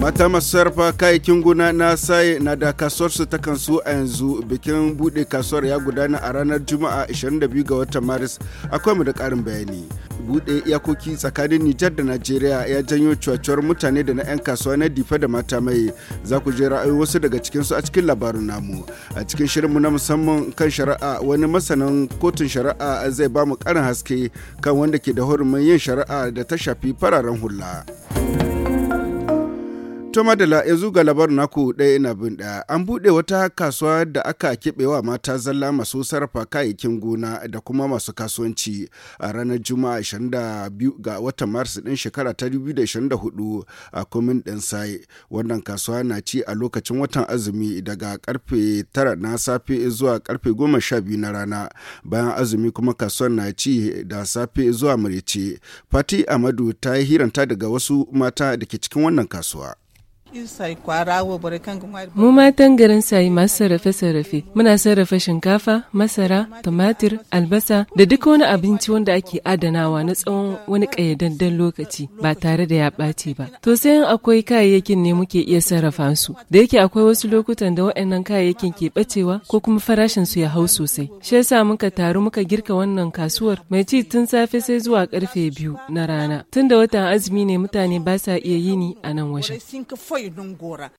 mata masu sarrafa kayayyakin gona na saye na da kasuwar su ta kansu a yanzu bikin bude kasuwar ya gudana a ranar juma'a 22 ga watan maris akwai mu da karin bayani bude iyakoki tsakanin nijar da najeriya ya janyo cuwacuwar mutane da na 'yan kasuwa na difa da mata mai za ku je ra'ayi wasu daga cikinsu a cikin labarin namu a cikin shirin mu na musamman kan shari'a wani masanin kotun shari'a zai ba mu karin haske kan wanda ke da hurumin yin shari'a da ta shafi fararen hula. To madala ya ga labarin naku ɗaya ina bin ɗaya an buɗe wata kasuwa da aka wa mata zalla masu sarrafa kayayyakin gona da kuma masu kasuwanci a ranar Juma'a 22 ga watan Mars ɗin shekara ta 2024 a kumin ɗin sai. Wannan kasuwa na ci a lokacin watan azumi daga karfe 9 na safe zuwa karfe 12 na rana. Bayan azumi kuma kasuwar na ci da safe zuwa murice. Fati Amadu ta yi hiranta daga wasu mata da ke cikin wannan kasuwa. Mu matan garin sayi masu sarrafe-sarrafe muna sarrafa shinkafa, masara, tumatir, albasa da duk wani abinci wanda ake adanawa na tsawon wani ƙayyadadden lokaci ba tare da ya ɓace ba. To sai in akwai kayayyakin ne muke iya sarrafa su. Da yake akwai wasu lokutan da waɗannan kayayyakin ke ɓacewa ko kuma farashin su ya hau sosai. Shi yasa muka taru muka girka wannan kasuwar mai ci tun safe sai zuwa karfe biyu na rana. tunda watan azumi ne mutane ba sa iya yini a nan wajen. kawai dungora.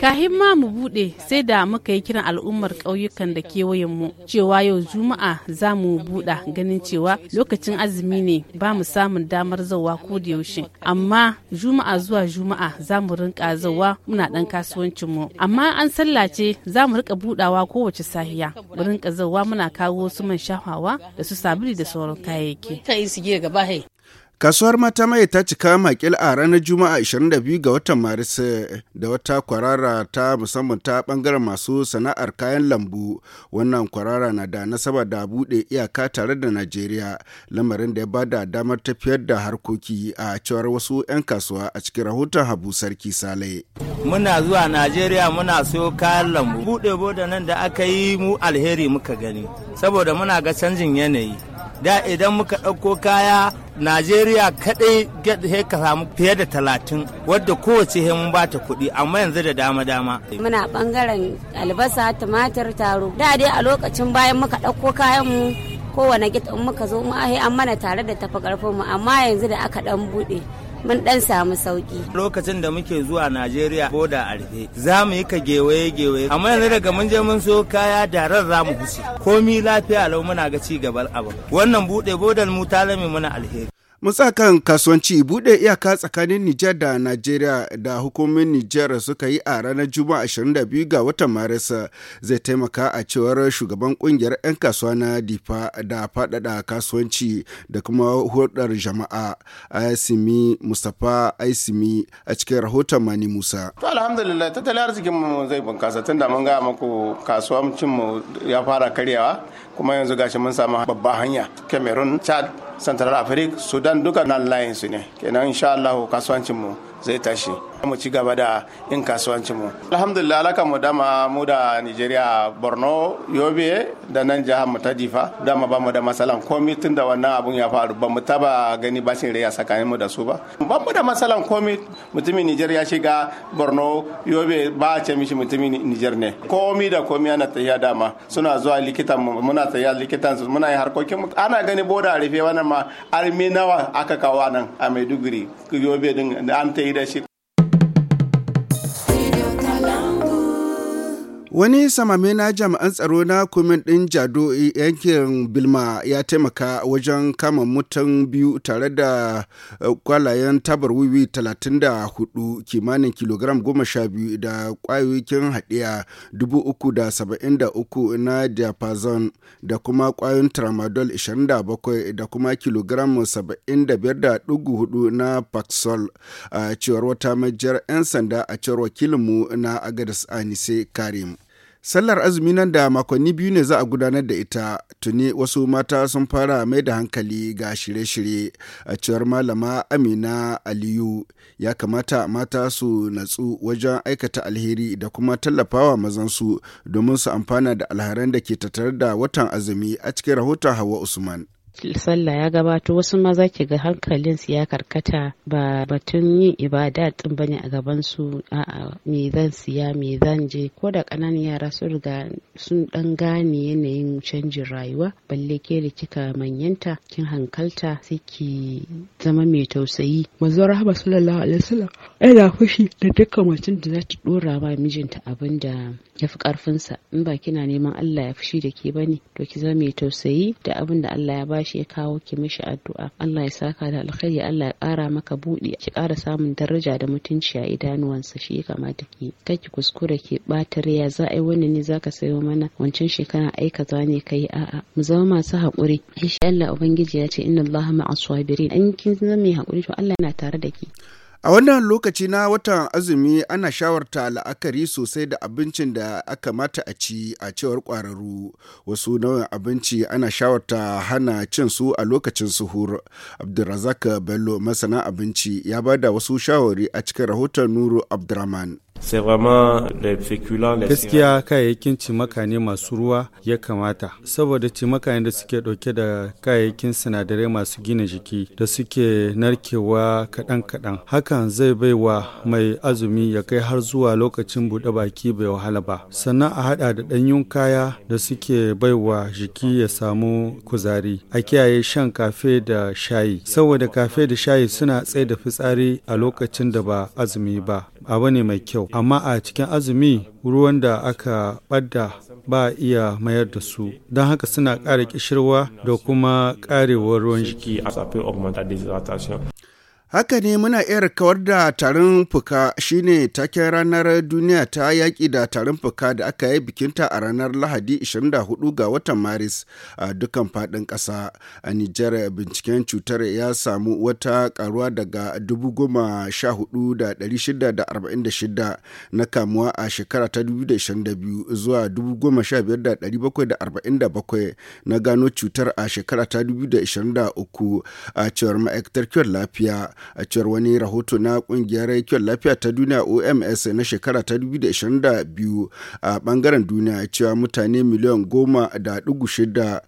Kahin ma mu bude sai da muka yi kiran al'ummar ƙauyukan da kewayen mu cewa yau juma'a za mu buɗa ganin cewa lokacin azumi ne ba mu samun damar zauwa ko da yaushe amma juma'a zuwa juma'a za mu rinka zawa muna ɗan kasuwancin mu amma an sallace za mu rika buɗawa kowace sahiya mu rinka zawa muna kawo su man shafawa da su sabili da sauran kayayyaki. Kasuwar mata mai ta cika makil a ranar Juma'a 22 ga watan Maris da wata kwarara ta musamman ta bangaren masu sana'ar kayan lambu. Wannan kwarara na da nasaba da bude iyaka tare da Najeriya, lamarin da ya bada damar tafiyar da harkoki a cewar wasu 'yan kasuwa a cikin rahoton Habu Sarki Sale. Muna zuwa Najeriya muna so kayan lambu. Buɗe bude nan da aka yi mu alheri muka gani, saboda muna ga canjin yanayi. da idan muka ɗauko kaya najeriya kaɗai sai ka samu fiye da talatin wadda kowace sai mun bata kuɗi amma yanzu da dama dama muna ɓangaren albasa tumatir taro da dai a lokacin bayan muka ɗauko kayan mu kowane gita in muka zo mu ahe an mana tare da tafi ƙarfin mu amma yanzu da aka ɗan buɗe mun dan samu sauki lokacin da muke zuwa najeriya boda a rufe za mu yi ka gewaye gewaye amma yanzu daga mun je mun so kaya da ran za mu huce komi lafiya lau muna ga ci gaban abu wannan bude bodar mu ta zame mana alheri mutsa kan kasuwanci bude iyaka tsakanin Nijar da Najeriya da hukumomin Nijar suka yi a ranar Juma'a 22 ga watan Maris zai taimaka a cewar shugaban kungiyar 'yan kasuwa na Difa da faɗaɗa kasuwanci da kuma hulɗar jama'a Aisimi Mustapha Aisimi a cikin rahoton Mani Musa. To alhamdulillah tattalin arzikin mu zai bunkasa tun da mun ga muku kasuwancin mu ya fara karyawa kuma yanzu gashi mun samu babba hanya Cameroon Chad central africa sudan duka nan layin su ne kenan insha allahu kasuwancin mu zai tashi mu ci gaba da in kasuwancin mu alhamdulillah alaka mu dama mu da Nigeria Borno Yobe da nan jihar mu ta Difa dama ba mu da masalan komai tun da wannan abun ya faru ba mu taba gani bashin rai a tsakanin mu da su ba ba mu da masalan komai mutumin nigeria ya shiga Borno Yobe ba a ce mishi mutumin Niger ne komai da komai ana tafiya dama suna zuwa likitan mu muna tafiya likitan su muna yin harkokin mu ana gani boda rufe wannan ma armi nawa aka kawo nan a Maiduguri Yobe din an ta yi da shi Wani samame na jami'an tsaro na kumin ɗin Jado eh, yankin Bilma ya taimaka wajen kama mutan biyu tare da eh, kwalayen tabar wiwi 34 kimanin kilogram 12 da kwayoyin haɗiya 373 na diapazon da kuma kwayoyin tramadol 27 da kuma kilogram 75.4 na paxol a cewar wata majiyar 'yan sanda a cewar wakilinmu na Agadis Anise Karim. Sallar azumi nan da makonni biyu ne za a gudanar da ita tuni wasu mata sun fara mai da hankali ga shirye-shirye a cewar malama Amina Aliyu ya kamata mata su natsu wajen aikata alheri da kuma tallafawa mazansu domin su amfana da alharan da ke tattare da watan azumi a cikin rahoton Hawa Usman. sallah ya gabato wasu maza ki ga hankalinsu ya karkata ba batun yin ibada din bane a gaban su a'a me zan siya me zan je ko da kananan yara sun riga sun dan gane yanayin canjin rayuwa balle ke da kika manyanta kin hankalta sai ki zama mai tausayi manzon rahama sallallahu alaihi wasallam yana fushi da dukkan mutum da za ta dora ba mijinta abin da ya fi karfinsa in ba kina neman Allah ya fushi da ke bane to ki zama mai tausayi da abin da Allah ya ba bashi ya kawo ki mishi addu'a Allah ya saka da alkhairi Allah ya kara maka buɗi ki kara samun daraja da mutunci a idanuwansa shi ya kamata ki kai ki kuskure ki ɓata riya za a yi wannan ne zaka sayo mana wancan shekara aika kaza ne kai a'a mu zama masu haƙuri insha Allah ubangiji ya ce inna Allah ma'a sabirin an kin zama mai haƙuri to Allah yana tare da ki A wannan lokaci na watan azumi ana shawarta la'akari sosai da abincin da aka mata a ci a cewar kwararru Wasu nau'in abinci ana shawarta hana cin su a lokacin suhur. Abdulrazak Bello masana abinci ya bada wasu shawari a cikin rahoton Nuru Abdurrahman. gaskiya kayayyakin cimaka ne masu ruwa ya kamata saboda cimaka da suke ɗauke da kayayyakin sinadarai masu gina jiki da suke narkewa kaɗan-kaɗan haka hakan zai bai wa mai azumi ya kai har zuwa lokacin buɗe baki bai wahala ba sannan a haɗa da ɗanyun kaya da suke bai wa jiki ya samu kuzari a kiyaye shan kafe da shayi saboda kafe da shayi suna tsaye da fitsari a lokacin da ba azumi ba abu ne mai kyau amma a cikin azumi ruwan da aka ɓadda ba a iya mayar da su don haka suna ƙara kishirwa da kuma ƙarewar ruwan jiki Haka ne muna iya kawar da tarin fuka shine taken ranar duniya ta yaƙi da tarin fuka da aka yi bikinta a ranar Lahadi 24 ga watan Maris a dukkan faɗin ƙasa. A Nijar binciken cutar ya samu wata ƙaruwa daga 14,646 na kamuwa a shekara ta 2022 zuwa 15,747 na gano cutar a shekara ta 2023 a cewar ma'aikatar kiwon lafiya. a cewar wani rahoto na kungiyar kiwon lafiya ta duniya oms na shekara ta 2022 a bangaren duniya cewa mutane miliyan goma da dugu shida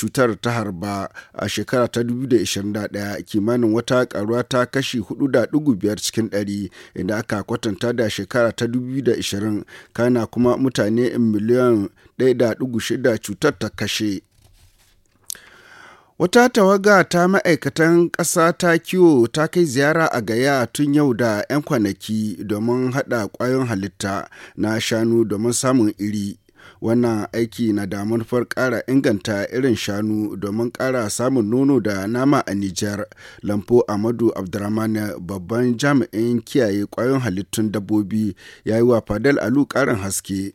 cutar ta harba a shekara ta 2021 kimanin wata karuwa ta kashi 4.5 cikin 100 inda aka kwatanta da shekara ta 2020 kana kuma mutane miliyan 1.6 cutar ta kashe. Wata tawaga ta ma'aikatan ƙasa ta kiwo ta kai ziyara a gaya tun yau da 'yan kwanaki domin haɗa ƙwayon halitta na shanu domin samun iri. Wannan aiki na da manufar ƙara inganta irin shanu domin ƙara samun nono da nama a Nijar. Lamfo Amadu Abdurrahman babban jami'in kiyaye ƙwayon halittun dabbobi ya yi wa Fadel Alu ƙarin haske.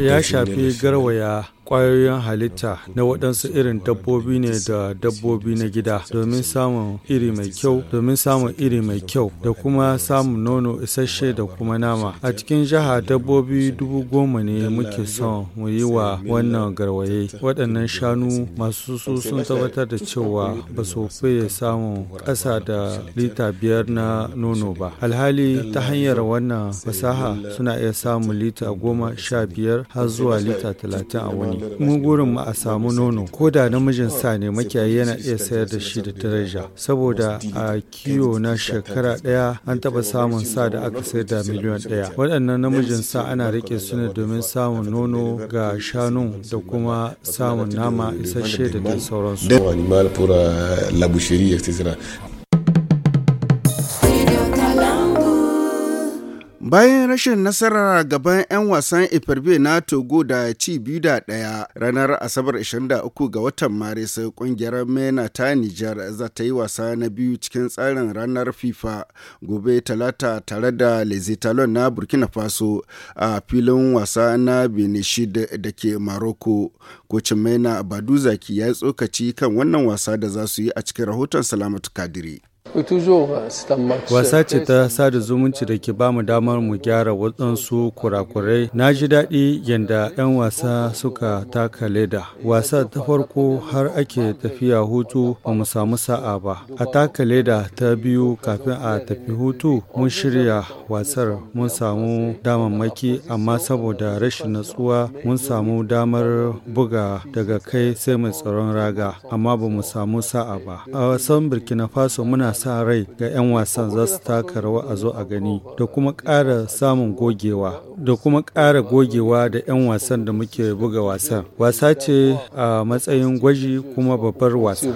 Ya shafi garwaya kwayoyin halitta na waɗansu irin dabbobi ne da dabbobi na gida domin samun iri mai kyau domin samun iri mai kyau da kuma samun nono isasshe da kuma nama a cikin jiha dabbobi dubu goma ne muke son mu yi wa wannan garwaye waɗannan shanu masu su sun tabbatar da cewa ba su fiye samun ƙasa da lita biyar na nono ba alhali ta hanyar wannan fasaha suna iya samun lita goma sha biyar har zuwa lita talatin a wani mu gurin mu a samu nono ko da namijin sa ne makiyayi yana iya sayar da shi da daraja saboda a kiwo na shekara daya an taba samun sa da aka sayar da miliyan daya waɗannan namijin sa ana rike su ne domin samun nono ga shanun da kuma samun nama isasshe da sauransu Bayan rashin nasara gaban 'yan wasan Ifirbe na Togo da ci biyu da ɗaya ranar Asabar 23 ga watan Maris kungiyar MENA ta Nijar za ta yi wasa na biyu cikin tsarin ranar FIFA gobe talata tare da Lezitalon na Burkina Faso a filin wasa na Benishid da ke Maroko. Kocin MENA Baduzaki ya yi tsokaci kan wannan wasa da za su yi a cikin rahoton Salamatu Kadiri. Wasa ce ta sada zumunci da ke bamu damar mu gyara waɗansu kurakurai. Na ji daɗi yadda 'yan wasa suka taka leda. Wasa ta farko har ake tafiya hutu ba mu samu sa'a ba. A taka leda ta biyu kafin a tafi hutu mun shirya wasar mun samu damammaki amma saboda rashin natsuwa mun samu damar buga daga kai sai mai tsaron raga amma ba mu samu sa'a ba. A wasan Burkina Faso muna sa rai ga 'yan wasan za su taka rawa a zo a gani da kuma ƙara samun gogewa da kuma ƙara gogewa da 'yan wasan da muke buga wasan. Wasa ce a matsayin gwaji kuma babbar wasa.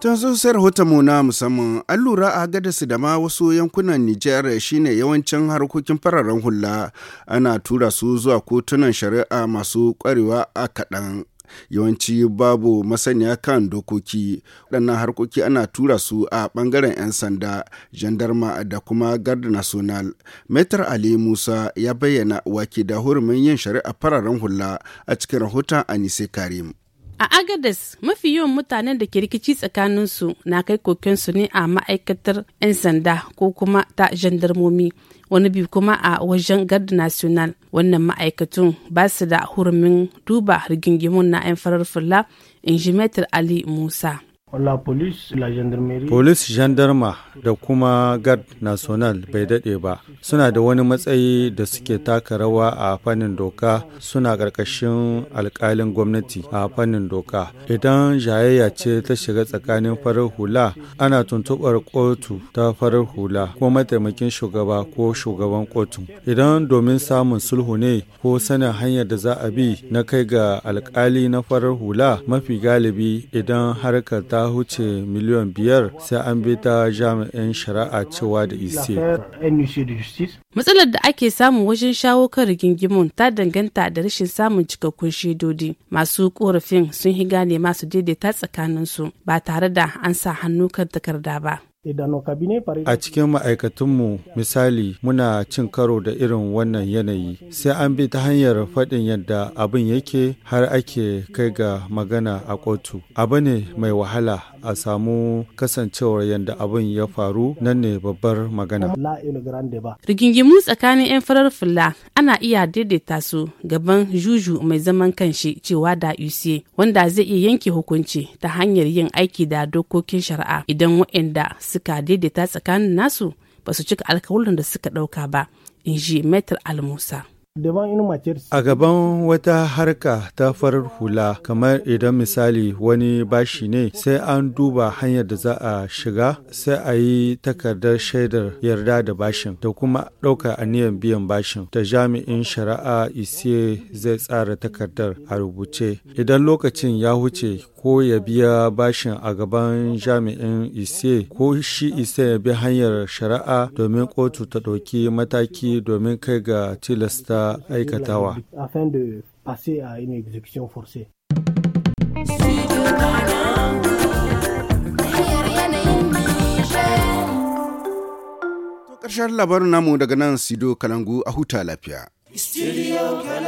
Tun sosai rahotonmu na musamman an lura a Agadas da ma wasu yankunan Nijar shine yawancin harkokin fararen hula ana tura su zuwa kotunan shari'a masu kwarewa a kaɗan. Yawanci babu masaniya kan dokoki, waɗannan harkoki ana tura su a ɓangaren 'yan sanda, jandarma da kuma Garda National. Maitar Ali Musa ya bayyana wake da hurumin yin shari'a fararen hula a cikin rahoton Anise Karim. A Agadez mafi yawan mutanen da ke rikici tsakaninsu na kai kokensu ne a ma'aikatar 'yan sanda ko kuma ta jandarmomi wani bi kuma a wajen gard national wannan ma'aikatun ba su da hurumin duba rigingimun na 'yan farar fulla in ali musa Polis, jandarma da kuma Guard National bai daɗe ba. Suna da wani matsayi da suke taka rawa a fannin doka suna ƙarƙashin alkalin gwamnati a fannin doka. Idan jayayya ce ta shiga tsakanin farar hula, ana tuntuɓar kotu ta farar hula ko mataimakin shugaba ko shugaban kotu. Idan domin samun sulhu ne ko sanin hanyar da za a bi na kai ga alƙali na farar hula mafi galibi idan harkar ta ta huce miliyan biyar sai an bi ta jami'in shari'a cewa da ise. Matsalar da ake samu wajen shawo kan rigingimun ta danganta da rashin samun cikakkun shaidodi. Masu korafin sun higa ne masu daidaita tsakaninsu ba tare da an sa hannu kan takarda ba. A cikin ma'aikatunmu misali muna cin karo da irin wannan yanayi sai an bi ta hanyar faɗin yadda abin yake har ake kai ga magana a kotu. Abu ne mai wahala a samu kasancewar yadda abin ya faru nan ne babbar magana. Rigingimu tsakanin 'yan farar fulla ana iya daidaita su gaban juju mai zaman kanshi cewa da UCA wanda zai iya yanke hukunci ta hanyar yin aiki da dokokin shari'a idan waɗanda su suka daidaita tsakanin nasu ba su cika alkawarin da suka ɗauka ba in ji metar almusa A gaban wata harka ta farar hula, kamar idan misali wani bashi ne, sai an duba hanyar da za a shiga, sai a yi takardar shaidar yarda da bashin, da kuma ɗaukar aniyan biyan bashin. Da jami'in shari'a isiye zai tsara takardar a rubuce. Idan lokacin ya huce ko ya biya bashin a gaban jami'in isiye ko shi isiye ya bi hanyar shari'a domin kotu ta ɗauki mataki domin kai ga tilasta ga aikatawa. Ƙarshen labarin namu daga nan Sido Kalangu a huta lafiya. Studio Kalangu.